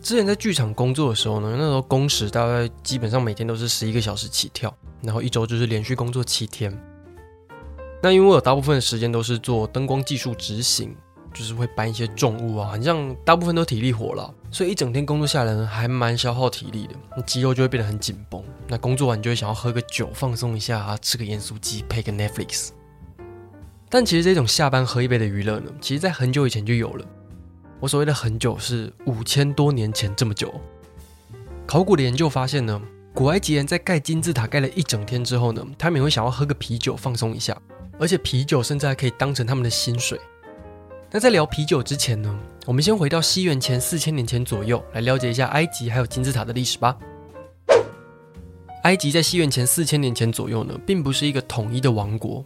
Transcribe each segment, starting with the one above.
之前在劇場工作的時候呢，那時候工時大概基本上每天都是十一個小時起跳，然後一周就是連續工作七天。那因為我大部分的時間都是做燈光技術執行，就是會搬一些重物啊，好像大部分都體力活了啊，所以一整天工作下來呢，還蠻消耗體力的，那肌肉就會變得很緊繃。那工作完就會想要喝個酒放鬆一下啊，吃個鹽酥雞配個 Netflix。但其實這種下班喝一杯的娛樂呢，其實在很久以前就有了。我所謂的很久是五千多年前這麼久。考古的研究發現呢，古埃及人在蓋金字塔蓋了一整天之後呢，他們也會想要喝個啤酒放鬆一下，而且啤酒甚至還可以當成他們的薪水。那在聊啤酒之前呢，我們先回到西元前四千年前左右，來了解一下埃及還有金字塔的歷史吧。埃及在西元前四千年前左右呢，並不是一個統一的王國，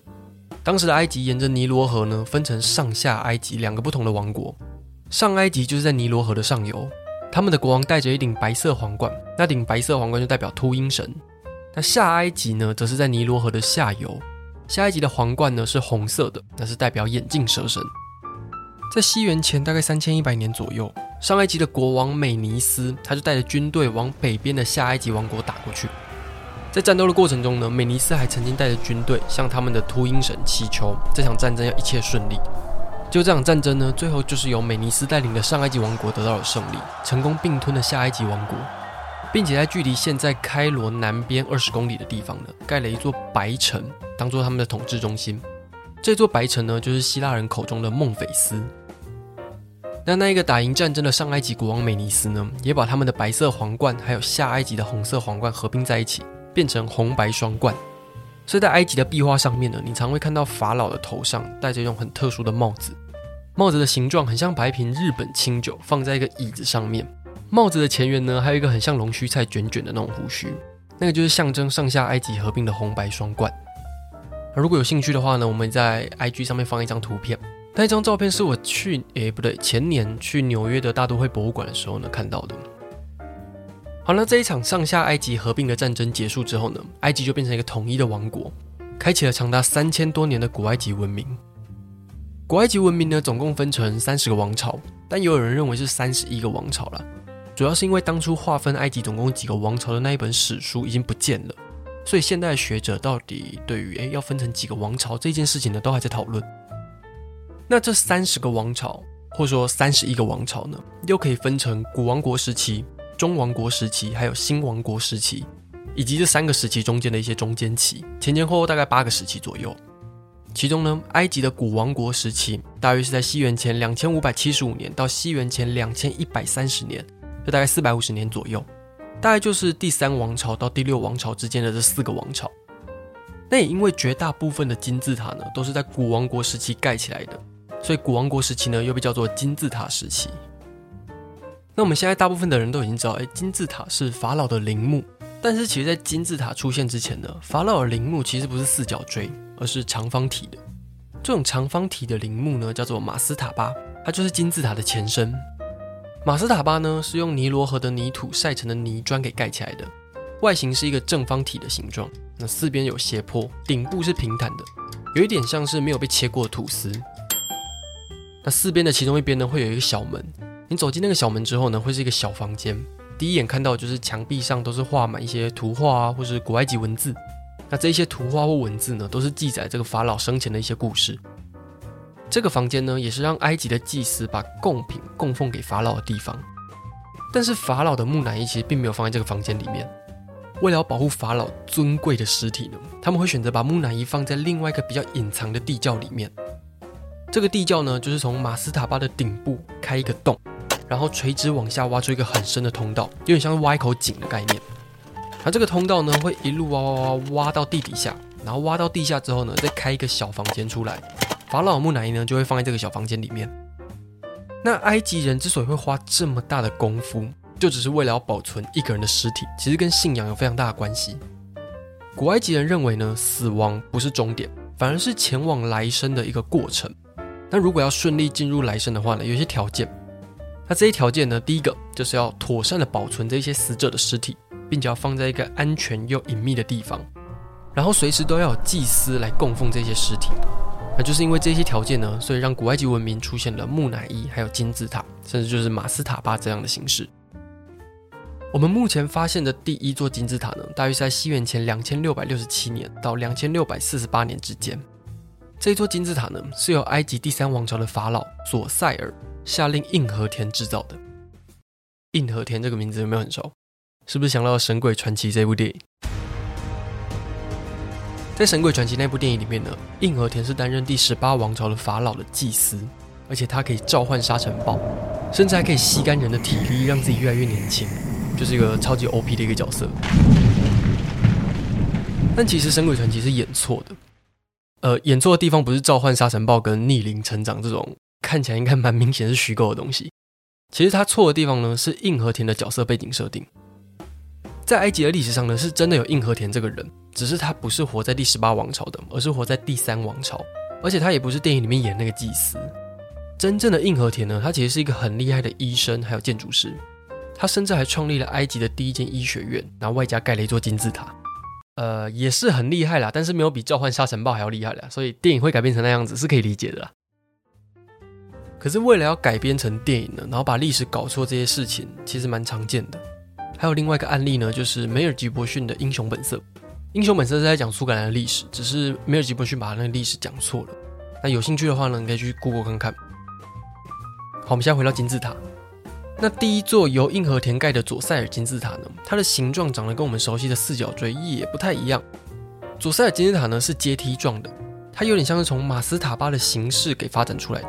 當時的埃及沿着尼羅河呢，分成上下埃及兩個不同的王國。上埃及就是在尼羅河的上游，他們的國王戴著一頂白色皇冠，那頂白色皇冠就代表禿鷹神。那下埃及呢，則是在尼羅河的下游，下埃及的皇冠呢是紅色的，那是代表眼鏡蛇神。在西元前大概三千一百年左右，上埃及的國王美尼斯他就帶着軍隊往北邊的下埃及王國打過去。在戰鬥的過程中呢，美尼斯還曾經帶着軍隊向他們的禿鷹神祈求這場戰爭要一切順利。就這場戰爭呢，最後就是由美尼斯帶領的上埃及王國得到了勝利，成功併吞了下埃及王國，並且在距離現在開羅南邊二十公里的地方呢，蓋了一座白城，當做他們的統治中心。這座白城呢，就是希臘人口中的孟菲斯。那那個打贏戰爭的上埃及國王美尼斯呢，也把他們的白色皇冠還有下埃及的紅色皇冠合併在一起，變成紅白雙冠。所以在埃及的壁畫上面呢，你常會看到法老的頭上戴着一種很特殊的帽子。帽子的形狀很像把一瓶日本清酒，放在一個椅子上面。帽子的前緣呢，還有一個很像龍鬚菜卷卷的那種胡鬚，那個就是象徵上下埃及合併的紅白雙冠。如果有興趣的話呢，我們在 IG 上面放一張圖片，那一張照片是我去誒、欸、不對前年去紐約的大都會博物館的時候呢看到的。好了，這一場上下埃及合併的戰爭結束之後呢，埃及就變成一個統一的王國，開啟了長達三千多年的古埃及文明。古埃及文明呢，總共分成三十個王朝，但也有人認為是三十一個王朝了。主要是因為當初劃分埃及總共幾個王朝的那一本史書已經不見了，所以現代的學者到底對於誒，要分成幾個王朝這件事情呢，都還在討論。那這三十個王朝，或說三十一個王朝呢，又可以分成古王國時期、中王國時期、還有新王國時期，以及這三個時期中間的一些中間期，前前後後大概八個時期左右。其中呢，埃及的古王國時期大約是在西元前兩千五百七十五年到西元前兩千一百三十年，這大概四百五十年左右，大概就是第三王朝到第六王朝之間的這四個王朝。那也因為絕大部分的金字塔呢都是在古王國時期蓋起來的，所以古王國時期呢又被叫做金字塔時期。那我們現在大部分的人都已經知道，誒，金字塔是法老的陵墓，但是其實，在金字塔出現之前呢，法老的陵墓其實不是四角錐。而是長方體的，這種長方體的陵墓呢，叫做馬斯塔巴，它就是金字塔的前身。馬斯塔巴呢，是用尼羅河的泥土曬成的泥磚給蓋起來的，外形是一個正方體的形狀，那四邊有斜坡，頂部是平坦的，有一點像是沒有被切過的吐司。那四邊的其中一邊呢，會有一個小門，你走進那個小門之後呢，會是一個小房間，第一眼看到就是牆壁上都是畫滿一些圖畫啊，或是古埃及文字。那這些圖畫或文字呢，都是記載這個法老生前的一些故事。這個房間呢，也是讓埃及的祭司把貢品供奉給法老的地方。但是法老的木乃伊其實並沒有放在這個房間裡面。為了保護法老尊貴的屍體呢，他們會選擇把木乃伊放在另外一個比較隱藏的地窖裡面。這個地窖呢，就是從馬斯塔巴的頂部開一個洞，然後垂直往下挖出一個很深的通道，有點像是挖一口井的概念。那這個通道呢，會一路挖挖挖挖，挖到地底下，然後挖到地下之後呢，再開一個小房間出來，法老木乃伊呢就會放在這個小房間裡面。那埃及人之所以會花這麼大的功夫，就只是為了要保存一個人的屍體，其實跟信仰有非常大的關係。古埃及人認為呢，死亡不是終點，反而是前往來生的一個過程。那如果要順利進入來生的話呢，有一些條件。那這些條件呢，第一個就是要妥善的保存這些死者的屍體。並且要放在一個安全又隱祕的地方，然後隨時都要有祭司來供奉這些屍體。那就是因為這些條件呢，所以讓古埃及文明出現了木乃伊，還有金字塔，甚至就是馬斯塔巴這樣的形式。我們目前發現的第一座金字塔呢，大約是在西元前兩千六百六十七年到兩千六百四十八年之間。這座金字塔呢，是由埃及第三王朝的法老左塞爾下令印和田製造的。印和田這個名字有沒有很熟？是不是想到《神鬼傳奇》這部電影？在《神鬼傳奇》那部電影裡面呢，印何闐是擔任第十八王朝的法老的祭司，而且他可以召喚沙塵暴，甚至還可以吸乾人的體力，讓自己越來越年輕，就是一個超級 OP 的一個角色。但其實《神鬼傳奇》是演錯的，呃，演錯的地方不是召喚沙塵暴跟逆齡成長這種看起來應該蠻明顯是虛構的東西，其實他錯的地方呢是印何闐的角色背景設定。在埃及的歷史上呢，是真的有印和闐這個人，只是他不是活在第十八王朝的，而是活在第三王朝，而且他也不是電影裡面演的那個祭司。真正的印和闐呢，他其實是一個很厲害的醫生，還有建築師，他甚至還創立了埃及的第一間醫學院，然後外加蓋了一座金字塔。呃，也是很厲害啦，但是沒有比召喚沙塵暴還要厲害啦，所以電影會改編成那樣子是可以理解的啦。可是為了要改編成電影呢，然後把歷史搞錯這些事情，其實蠻常見的。還有另外一個案例呢，就是梅爾吉伯遜的英雄本色《英雄本色》。《英雄本色》是在講蘇格蘭的歷史，只是梅爾吉伯遜把他那個歷史講錯了。那有興趣的話呢，你可以去 Google 看看。好，我們現在回到金字塔。那第一座由印和闐蓋的佐塞爾金字塔呢，它的形狀長得跟我們熟悉的四角錐也不太一樣。佐塞爾金字塔呢是階梯狀的，它有點像是從馬斯塔巴的形式給發展出來的。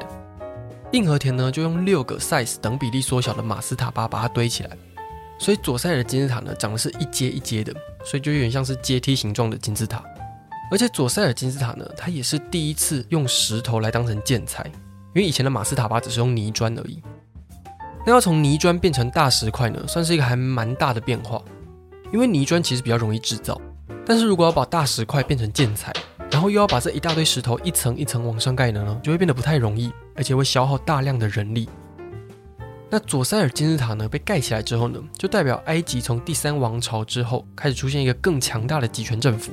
印和闐呢就用六個 size 等比例縮小的馬斯塔巴把它堆起來。所以左塞爾金字塔呢，長得是一階一階的，所以就有點像是階梯形狀的金字塔。而且左塞爾金字塔呢，它也是第一次用石頭來當成建材，因為以前的馬斯塔巴只是用泥磚而已。那要從泥磚變成大石塊呢，算是一個還蠻大的變化。因為泥磚其實比較容易製造，但是如果要把大石塊變成建材，然後又要把這一大堆石頭一層一層往上蓋呢，呢就會變得不太容易，而且會消耗大量的人力。那左塞爾金字塔呢，被蓋起來之後呢，就代表埃及從第三王朝之後開始出現一個更強大的集權政府，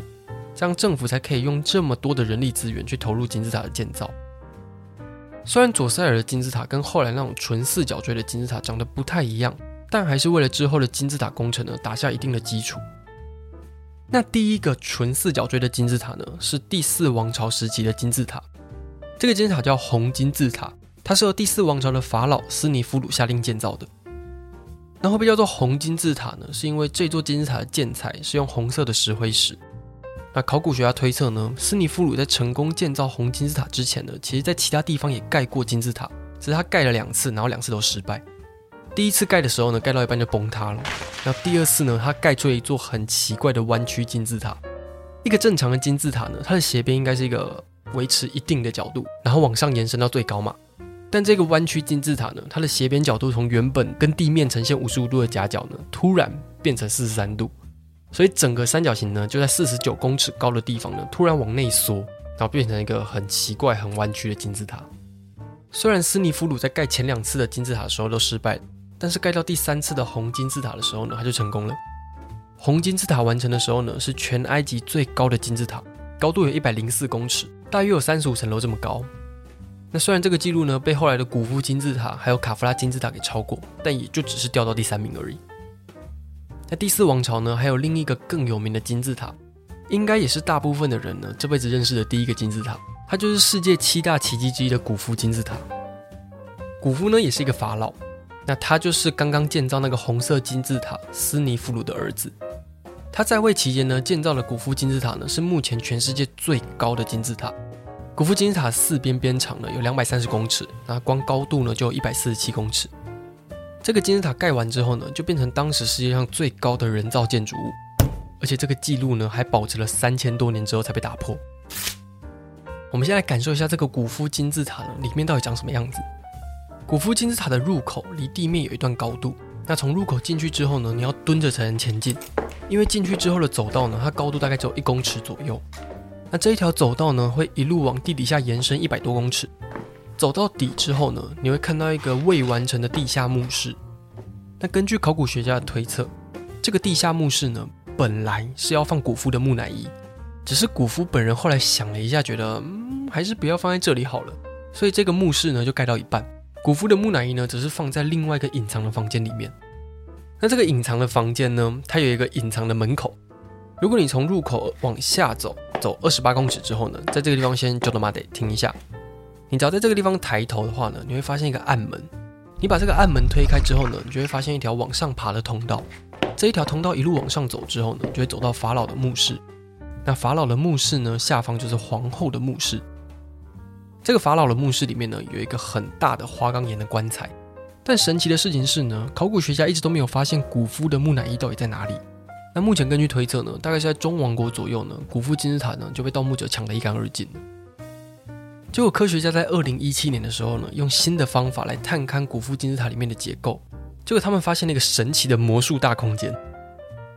這樣政府才可以用這麼多的人力資源去投入金字塔的建造。雖然左塞爾的金字塔跟後來那種純四角錐的金字塔長得不太一樣，但還是為了之後的金字塔工程呢，打下一定的基礎。那第一個純四角錐的金字塔呢，是第四王朝時期的金字塔，這個金字塔叫紅金字塔。它是由第四王朝的法老斯尼夫魯下令建造的。那會不會叫做紅金字塔呢？是因為這座金字塔的建材是用紅色的石灰石。那考古學家推測呢，斯尼夫魯在成功建造紅金字塔之前呢，其實在其他地方也蓋過金字塔，只是他蓋了兩次，然後兩次都失敗。第一次蓋的時候呢，蓋到一半就崩塌了。那第二次呢，他蓋出了一座很奇怪的彎曲金字塔。一個正常的金字塔呢，它的斜邊應該是一個維持一定的角度，然後往上延伸到最高嘛。但這個彎曲金字塔呢，它的斜邊角度從原本跟地面呈現五十五度的夾角呢，突然變成四十三度，所以整個三角形呢就在四十九公尺高的地方呢，突然往內縮，然後變成一個很奇怪、很彎曲的金字塔。雖然斯尼夫魯在蓋前兩次的金字塔的時候都失敗，但是蓋到第三次的紅金字塔的時候呢，他就成功了。紅金字塔完成的時候呢，是全埃及最高的金字塔，高度有一百零四公尺，大約有三十五層樓這麼高。那雖然這個記錄呢，被後來的古夫金字塔還有卡夫拉金字塔給超過，但也就只是掉到第三名而已。那第四王朝呢還有另一個更有名的金字塔，應該也是大部分的人呢這輩子認識的第一個金字塔，它就是世界七大奇蹟之一的古夫金字塔。古夫呢也是一個法老，那他就是剛剛建造那個紅色金字塔斯尼夫魯的兒子。他在位期間呢，建造的古夫金字塔呢是目前全世界最高的金字塔。古夫金字塔四邊邊長呢有兩百三十公尺，那光高度呢就有一百四十七公尺。這個金字塔蓋完之後呢，就變成當時世界上最高的人造建築物，而且這個記錄呢還保持了三千多年之後才被打破。我們先來感受一下這個古夫金字塔呢裡面到底長什麼樣子。古夫金字塔的入口離地面有一段高度，那從入口進去之後呢，你要蹲着才能前進，因為進去之後的走道呢，它高度大概只有一公尺左右。那這一條走道呢，會一路往地底下延伸一百多公尺，走到底之後呢，你會看到一個未完成的地下墓室。那根據考古學家的推測，這個地下墓室呢，本來是要放古夫的木乃伊，只是古夫本人後來想了一下，覺得嗯，還是不要放在這裡好了，所以這個墓室呢就蓋到一半。古夫的木乃伊呢，只是放在另外一個隱藏的房間裡面。那這個隱藏的房間呢，它有一個隱藏的門口。如果你從入口往下走，走二十八公尺之後呢，在這個地方先叫他 d m 停一下。你只要在這個地方抬頭的話呢，你會發現一個暗門。你把這個暗門推開之後呢，你就會發現一條往上爬的通道。這一條通道一路往上走之後呢，你就會走到法老的墓室。那法老的墓室呢，下方就是皇後的墓室。這個法老的墓室裡面呢，有一個很大的花崗岩的棺材。但神奇的事情是呢，考古學家一直都沒有發現古夫的木乃伊到底在哪裡。那目前根據推測呢，大概是在中王國左右呢，古夫金字塔呢就被盜墓者搶得一乾二淨。結果科學家在二零一七年的時候呢，用新的方法來探勘古夫金字塔裡面的結構，結果他們發現了一個神奇的魔術大空間。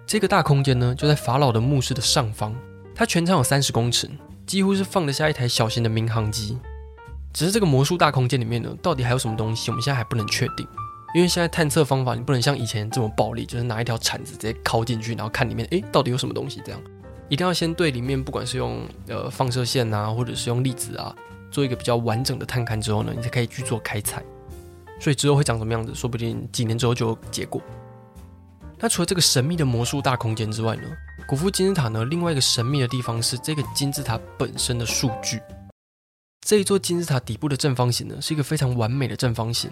這個大空間呢就在法老的墓室的上方，它全長有三十公尺，幾乎是放得下一台小型的民航機。只是這個魔術大空間裡面呢，到底還有什麼東西，我們現在還不能確定。因為現在探測方法你不能像以前這麼暴力，就是拿一條鏟子直接敲進去，然後看裡面，誒到底有什麼東西？這樣一定要先對裡面，不管是用呃放射線吶、啊，或者是用粒子啊，做一個比較完整的探勘之後呢，你才可以去做開採。所以之後會長什麼樣子，說不定幾年之後就有結果。那除了這個神秘的魔術大空間之外呢，古夫金字塔呢，另外一個神秘的地方是這個金字塔本身的數據。這一座金字塔底部的正方形呢，是一個非常完美的正方形。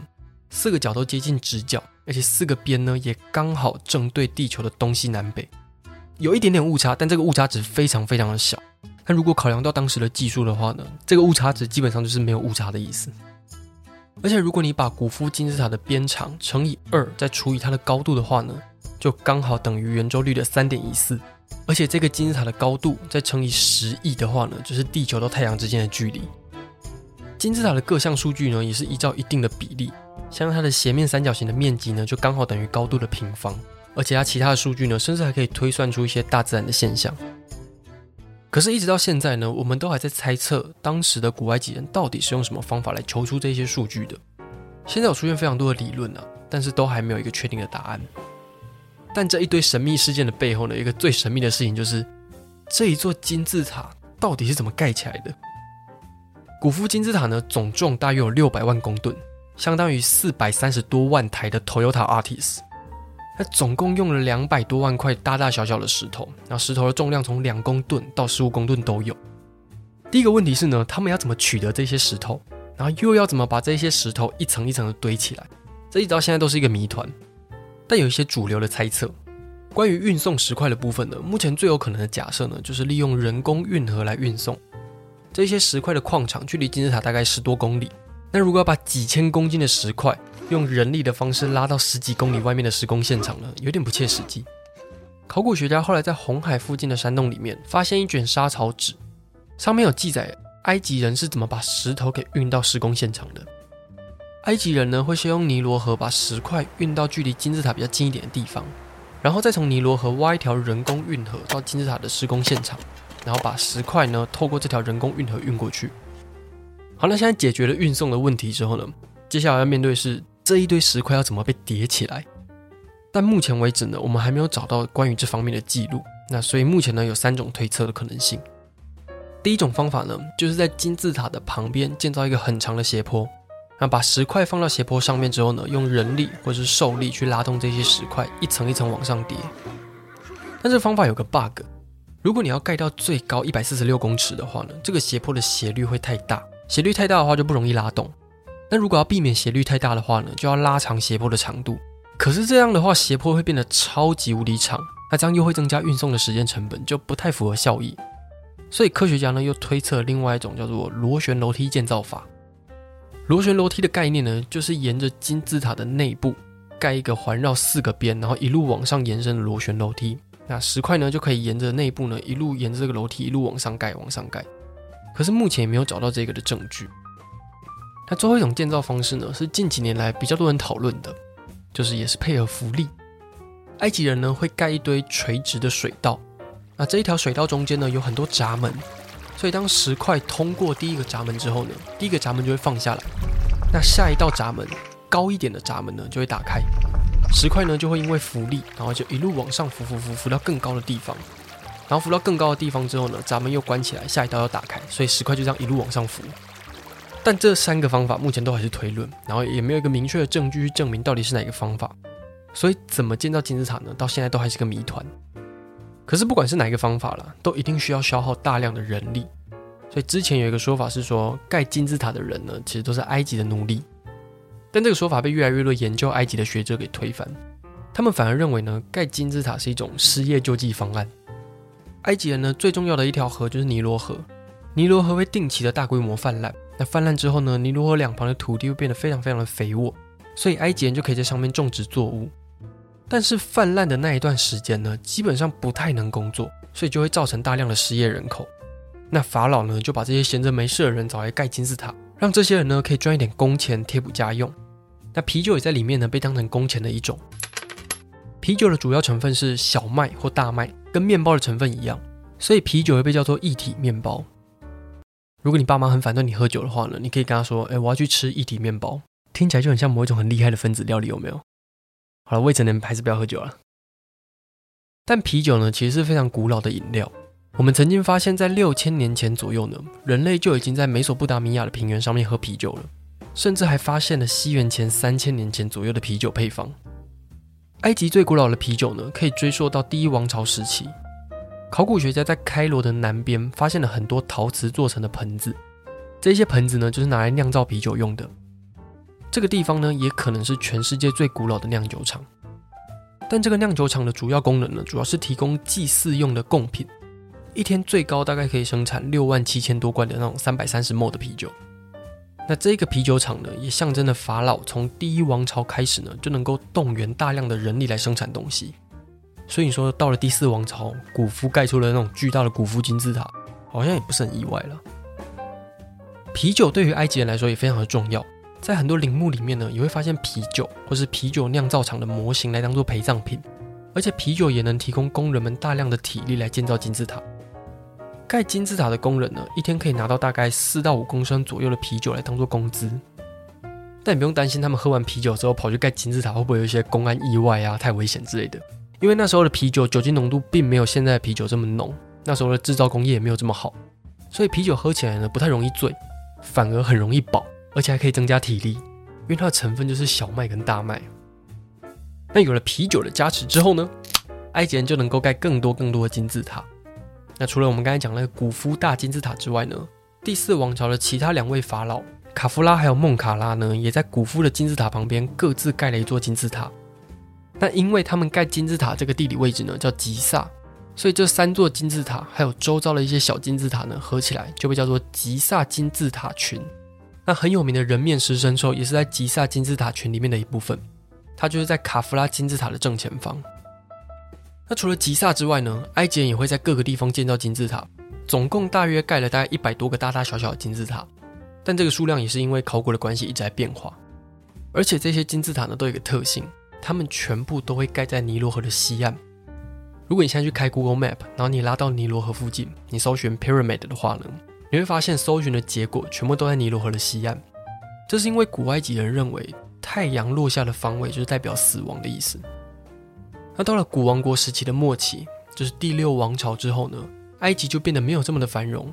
四個角都接近直角，而且四個邊呢也剛好正對地球的東西南北，有一點點誤差，但這個誤差值非常非常的小。但如果考量到當時的技術的話呢，這個誤差值基本上就是沒有誤差的意思。而且如果你把古夫金字塔的邊長乘以二，再除以它的高度的話呢，就剛好等於圓周率的三點一四。而且這個金字塔的高度再乘以十億的話呢，就是地球到太陽之間的距離。金字塔的各項數據呢，也是依照一定的比例。像它的斜面三角形的面積呢，就剛好等於高度的平方，而且它其他的數據呢，甚至還可以推算出一些大自然的現象。可是，一直到現在呢，我們都還在猜測當時的古埃及人到底是用什麼方法來求出這些數據的。現在有出現非常多的理論啊，但是都還沒有一個確定的答案。但這一堆神秘事件的背後呢，一個最神秘的事情就是這一座金字塔到底是怎麼蓋起來的？古夫金字塔呢，總重大約有六百萬公噸。相當於四百三十多萬台的 Toyota Artis，它總共用了兩百多萬塊大大小小的石頭，然後石頭的重量從兩公噸到十五公噸都有。第一個問題是呢，他們要怎麼取得這些石頭，然後又要怎麼把這些石頭一層一層的堆起來？這一直到現在都是一個謎團。但有一些主流的猜測，關於運送石塊的部分呢，目前最有可能的假設呢，就是利用人工運河來運送。這些石塊的礦場距離金字塔大概十多公里。那如果要把幾千公斤的石塊用人力的方式拉到十幾公里外面的施工現場呢，有點不切實際。考古學家後來在紅海附近的山洞裡面發現一卷莎草紙，上面有記載埃及人是怎麼把石頭給運到施工現場的。埃及人呢，會先用尼羅河把石塊運到距離金字塔比較近一點的地方，然後再從尼羅河挖一條人工運河到金字塔的施工現場，然後把石塊呢，透過這條人工運河運過去。好，那現在解決了運送的問題之後呢，接下來要面對的是這一堆石塊要怎麼被疊起來。但目前為止呢，我們還沒有找到關於這方面的記錄。那所以目前呢，有三種推測的可能性。第一種方法呢，就是在金字塔的旁邊建造一個很長的斜坡，那把石塊放到斜坡上面之後呢，用人力或者是獸力去拉動這些石塊一層一層往上疊。但這方法有個 bug，如果你要蓋到最高一百四十六公尺的話呢，這個斜坡的斜率會太大。斜率太大的話就不容易拉動，那如果要避免斜率太大的話呢，就要拉長斜坡的長度。可是這樣的話，斜坡會變得超級無敵長，那這樣又會增加運送的時間成本，就不太符合效益。所以科學家呢又推測另外一種叫做螺旋樓梯建造法。螺旋樓梯的概念呢，就是沿着金字塔的內部蓋一個環繞四個邊，然後一路往上延伸的螺旋樓梯。那石塊呢就可以沿着內部呢一路沿着這個樓梯一路往上蓋往上蓋。可是目前也沒有找到這個的證據。那最後一種建造方式呢，是近幾年來比較多人討論的，就是也是配合浮力。埃及人呢會蓋一堆垂直的水道，那這一條水道中間呢有很多閘門，所以當石塊通過第一個閘門之後呢，第一個閘門就會放下來，那下一道閘門高一點的閘門呢就會打開，石塊呢就會因為浮力，然後就一路往上浮浮浮浮、浮、浮到更高的地方。然後浮到更高的地方之後呢，閘門又關起來，下一道要打開，所以石塊就這樣一路往上浮。但這三個方法目前都還是推論，然後也沒有一個明確的證據去證明到底是哪個方法。所以怎麼建造金字塔呢？到現在都還是個謎團。可是不管是哪一個方法了，都一定需要消耗大量的人力。所以之前有一個說法是說，蓋金字塔的人呢，其實都是埃及的奴隸。但這個說法被越來越多研究埃及的學者給推翻，他們反而認為呢，蓋金字塔是一種失業救濟方案。埃及人呢，最重要的一條河就是尼羅河。尼羅河會定期的大規模泛濫，那泛濫之後呢，尼羅河兩旁的土地會變得非常非常的肥沃，所以埃及人就可以在上面種植作物。但是泛濫的那一段時間呢，基本上不太能工作，所以就會造成大量的失業人口。那法老呢，就把這些閒着沒事的人找來蓋金字塔，讓這些人呢可以賺一點工錢貼補家用。那啤酒也在裡面呢，被當成工錢的一種。啤酒的主要成分是小麥或大麥，跟麵包的成分一樣，所以啤酒又被叫做液體麵包。如果你爸媽很反對你喝酒的話呢，你可以跟他說：“欸，我要去吃液體麵包。”聽起來就很像某一種很厲害的分子料理，有沒有？好了，未成年還是不要喝酒了。但啤酒呢，其實是非常古老的飲料。我們曾經發現，在六千年前左右呢，人類就已經在美索不達米亞的平原上面喝啤酒了，甚至還發現了西元前三千年前左右的啤酒配方。埃及最古老的啤酒呢，可以追溯到第一王朝時期。考古學家在開羅的南邊發現了很多陶瓷做成的盆子，這些盆子呢，就是拿來釀造啤酒用的。這個地方呢，也可能是全世界最古老的釀酒廠。但這個釀酒廠的主要功能呢，主要是提供祭祀用的貢品。一天最高大概可以生產六萬七千多罐的那種三百三十 ml 的啤酒。那這個啤酒廠呢，也象徵着法老從第一王朝開始呢，就能夠動員大量的人力來生產東西。所以你說，到了第四王朝，古夫蓋出了那種巨大的古夫金字塔，好像也不是很意外了。啤酒對於埃及人來說也非常的重要，在很多陵墓裡面呢，也會發現啤酒或是啤酒釀造廠的模型來當做陪葬品，而且啤酒也能提供工人們大量的體力來建造金字塔。蓋金字塔的工人呢，一天可以拿到大概四到五公升左右的啤酒來當做工資。但你不用擔心，他們喝完啤酒之後跑去蓋金字塔會不會有一些公安意外啊、太危險之類的？因為那時候的啤酒酒精濃度並沒有現在的啤酒這麼濃，那時候的制造工業也沒有這麼好，所以啤酒喝起來呢，不太容易醉，反而很容易飽，而且還可以增加體力，因為它的成分就是小麥跟大麥。那有了啤酒的加持之後呢，埃及人就能夠蓋更多更多的金字塔。那除了我們剛才講那個古夫大金字塔之外呢，第四王朝的其他兩位法老卡夫拉還有孟卡拉呢，也在古夫的金字塔旁邊各自蓋了一座金字塔。那因為他們蓋金字塔這個地理位置呢叫吉薩，所以這三座金字塔還有周遭的一些小金字塔呢，合起來就被叫做吉薩金字塔群。那很有名的人面獅身獸也是在吉薩金字塔群裡面的一部分，它就是在卡夫拉金字塔的正前方。那除了吉薩之外呢，埃及人也會在各個地方建造金字塔，總共大約蓋了大概一百多個大大小小的金字塔。但這個數量也是因為考古的關係一直在變化。而且這些金字塔呢都有一個特性，它們全部都會蓋在尼羅河的西岸。如果你現在去開 Google Map，然後你拉到尼羅河附近，你搜尋 pyramid 的話呢，你會發現搜尋的結果全部都在尼羅河的西岸。這是因為古埃及人認為太陽落下的方位就是代表死亡的意思。那到了古王國時期的末期，就是第六王朝之後呢，埃及就變得沒有這麼的繁榮，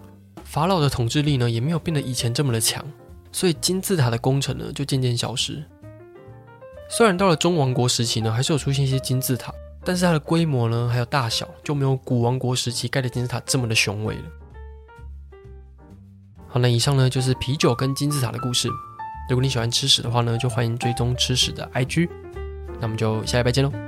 法老的統治力呢也沒有變得以前這麼的強，所以金字塔的工程呢就漸漸消失。雖然到了中王國時期呢，還是有出現一些金字塔，但是它的規模呢還有大小就沒有古王國時期蓋的金字塔這麼的雄偉了。好，那以上呢就是啤酒跟金字塔的故事。如果你喜歡吃史的話呢，就歡迎追蹤吃史的 IG。那我們就下禮拜見嘍。